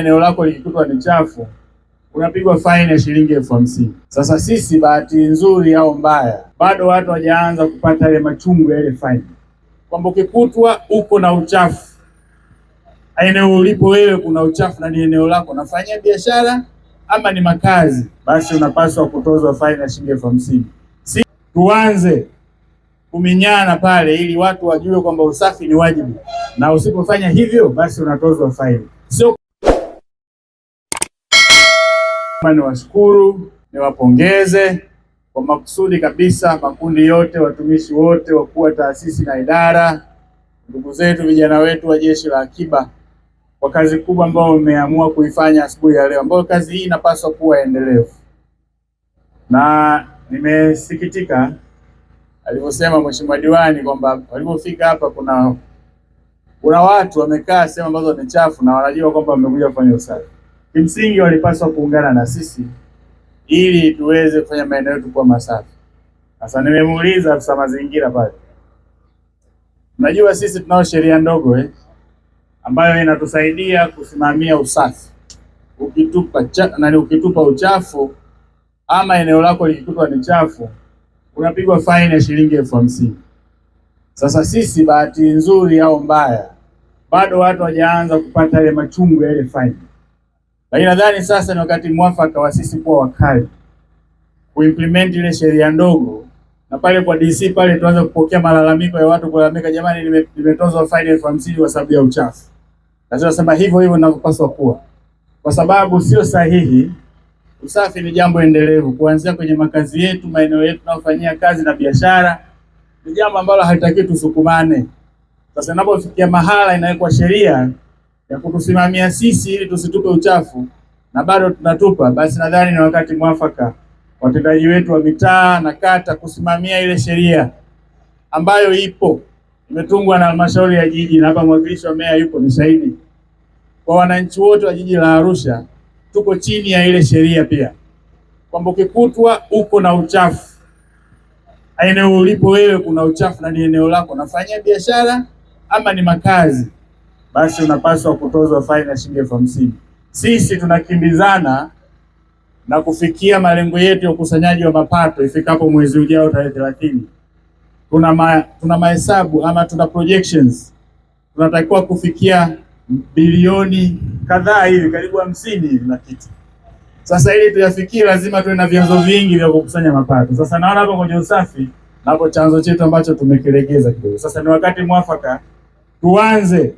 eneo lako likikutwa ni chafu unapigwa faini ya shilingi elfu hamsini. Sasa sisi bahati nzuri au mbaya, bado watu hawajaanza kupata ile machungu ya ile faini, kwamba ukikutwa uko na uchafu eneo ulipo wewe kuna uchafu na ni eneo lako, nafanyia biashara ama ni makazi, basi unapaswa kutozwa faini ya shilingi elfu hamsini. Si tuanze kuminyana pale, ili watu wajue kwamba usafi ni wajibu, na usipofanya hivyo basi unatozwa faini, sio Kwanza niwashukuru, niwapongeze kwa makusudi kabisa makundi yote, watumishi wote, wakuu wa taasisi na idara, ndugu zetu, vijana wetu wa Jeshi la Akiba kwa kazi kubwa ambayo wameamua kuifanya asubuhi ya leo, ambayo kazi hii inapaswa kuwa endelevu. Na nimesikitika alivyosema mheshimiwa diwani kwamba walipofika hapa kuna kuna watu wamekaa sehemu ambazo ni chafu na wanajua kwamba wamekuja kufanya usafi. Kimsingi walipaswa kuungana na sisi ili tuweze kufanya maeneo yetu kuwa masafi. Sasa nimemuuliza afisa mazingira pale, unajua sisi tunao sheria ndogo eh, ambayo inatusaidia kusimamia usafi. Ukitupa cha, nani, ukitupa uchafu ama eneo lako likikutwa ni chafu unapigwa faini ya shilingi elfu hamsini. Sasa sisi bahati nzuri au mbaya, bado watu hawajaanza kupata ile machungu ya ile faini lakini nadhani sasa ni wakati mwafaka wa sisi kuwa wakali kuimplement ile sheria ndogo, na pale kwa DC pale tuanze kupokea malalamiko ya watu kulalamika, jamani, nimetozwa faini elfu hamsini kwa sababu ya uchafu. Lazima sema hivyo hivyo ninavyopaswa kuwa, kwa sababu sio sahihi. Usafi ni jambo endelevu, kuanzia kwenye makazi yetu, maeneo yetu tunayofanyia kazi na biashara. Ni jambo ambalo halitaki tusukumane. Sasa inapofikia mahala inawekwa sheria ya kutusimamia sisi ili tusitupe uchafu na bado tunatupa, basi nadhani ni wakati mwafaka watendaji wetu wa mitaa na kata kusimamia ile sheria ambayo ipo imetungwa na halmashauri ya jiji, na hapa mwakilishi wa meya yupo, ni shahidi. Kwa wananchi wote wa jiji la Arusha, tuko chini ya ile sheria pia, kwamba ukikutwa uko na uchafu eneo ulipo wewe kuna uchafu na ni eneo lako, nafanyia biashara ama ni makazi basi unapaswa kutozwa faini ya shilingi elfu hamsini. Sisi tunakimbizana na kufikia malengo yetu ya ukusanyaji wa mapato ifikapo mwezi ujao tarehe thelathini. Tuna ma, tuna mahesabu ama tuna projections, tunatakiwa kufikia bilioni kadhaa hivi karibu hamsini hivi na kitu. Sasa ili tuyafikie, lazima tuwe na vyanzo vingi vya kukusanya mapato. Sasa naona hapo kwenye usafi napo chanzo chetu ambacho tumekilegeza kidogo. Sasa ni wakati mwafaka tuanze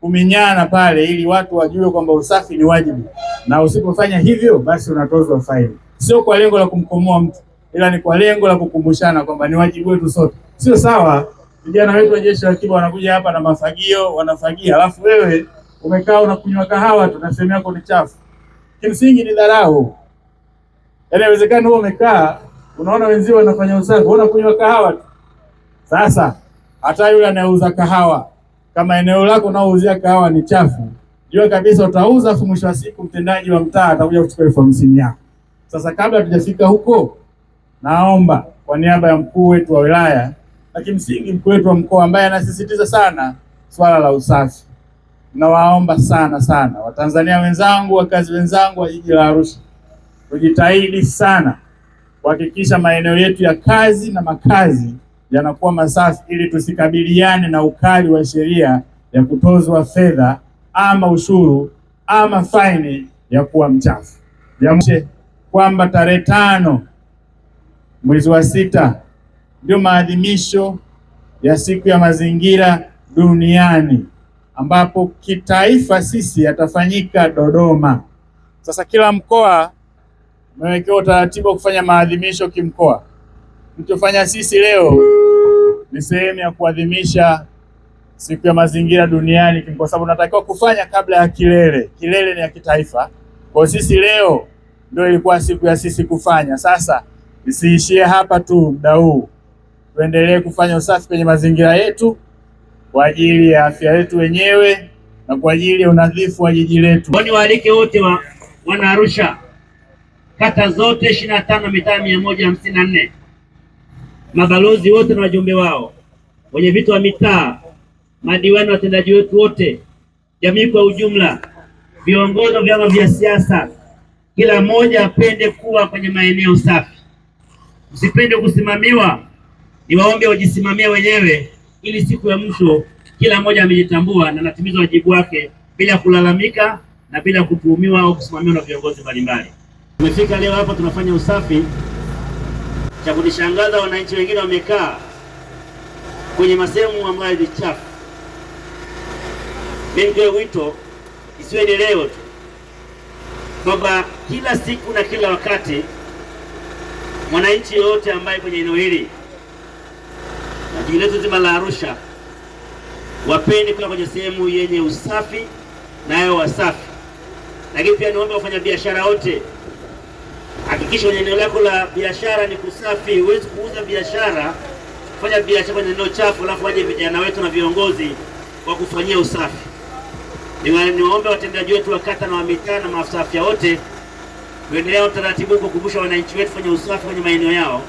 kuminyana pale, ili watu wajue kwamba usafi ni wajibu, na usipofanya hivyo, basi unatozwa faini. Sio kwa lengo la kumkomoa mtu, ila ni kwa lengo la kukumbushana kwamba ni wajibu wetu sote. Sio sawa vijana wetu wa jeshi la akiba wanakuja hapa na mafagio, wanafagia, alafu wewe umekaa unakunywa kahawa tu na sehemu yako ni chafu. Kimsingi ni dharau. Yaani inawezekana wewe umekaa unaona wenzio wanafanya usafi, wewe unakunywa kahawa tu. Sasa hata yule anayeuza kahawa kama eneo lako unaouzia kahawa ni chafu, jua kabisa utauza, afu mwisho wa siku mtendaji wa mtaa atakuja kuchukua elfu hamsini yako. Sasa kabla hatujafika huko, naomba kwa niaba ya mkuu wetu wa wilaya na kimsingi mkuu wetu wa mkoa ambaye anasisitiza sana swala la usafi, nawaomba sana sana Watanzania wenzangu, wakazi wenzangu wa jiji la Arusha, tujitahidi sana kuhakikisha maeneo yetu ya kazi na makazi yanakuwa masafi ili tusikabiliane na ukali wa sheria ya kutozwa fedha ama ushuru ama faini ya kuwa mchafu. Jamshe kwamba tarehe tano mwezi wa sita ndio maadhimisho ya siku ya mazingira duniani ambapo kitaifa sisi yatafanyika Dodoma. Sasa kila mkoa umewekewa utaratibu wa kufanya maadhimisho kimkoa. Mtufanya sisi leo ni sehemu ya kuadhimisha siku ya mazingira duniani, kwa sababu natakiwa kufanya kabla ya kilele. Kilele ni ya kitaifa, kwa sisi leo ndio ilikuwa siku ya sisi kufanya. Sasa isiishie hapa tu, muda huu tuendelee kufanya usafi kwenye mazingira yetu kwa ajili ya afya yetu wenyewe na kwa ajili ya unadhifu wa jiji letu. Ni waalike wote wa wana Arusha, kata zote ishirini na tano, mitaa mia moja hamsini na nne mabalozi wote na wajumbe wao, wenye viti wa mitaa, madiwani, watendaji wetu wote, jamii kwa ujumla, viongozi wa vyama vya siasa, kila mmoja apende kuwa kwenye maeneo safi, msipende kusimamiwa. Niwaombe wajisimamie wenyewe, ili siku ya mwisho kila mmoja amejitambua na anatimiza wajibu wake bila kulalamika na bila kutuhumiwa au kusimamiwa na viongozi mbalimbali. Tumefika leo hapa tunafanya usafi cha kunishangaza, wananchi wengine wamekaa kwenye masehemu ambayo ni chafu. Nitoe wito isiwe ni leo tu, kwamba kila siku na kila wakati mwananchi yoyote ambaye kwenye eneo hili na jiji letu zima la Arusha wapeni kuwa kwenye sehemu yenye usafi na hewa safi, lakini pia niombe wafanyabiashara wote hakikisha eneo lako la biashara ni kusafi. Huwezi kuuza biashara, fanya biashara kwenye eneo chafu, alafu waje vijana wetu na viongozi wa kufanyia usafi. Niwaombe watendaji wetu wa kata na wa mitaa na maafisa afya wote kuendelea utaratibu kukumbusha wananchi wetu fanya usafi kwenye maeneo yao.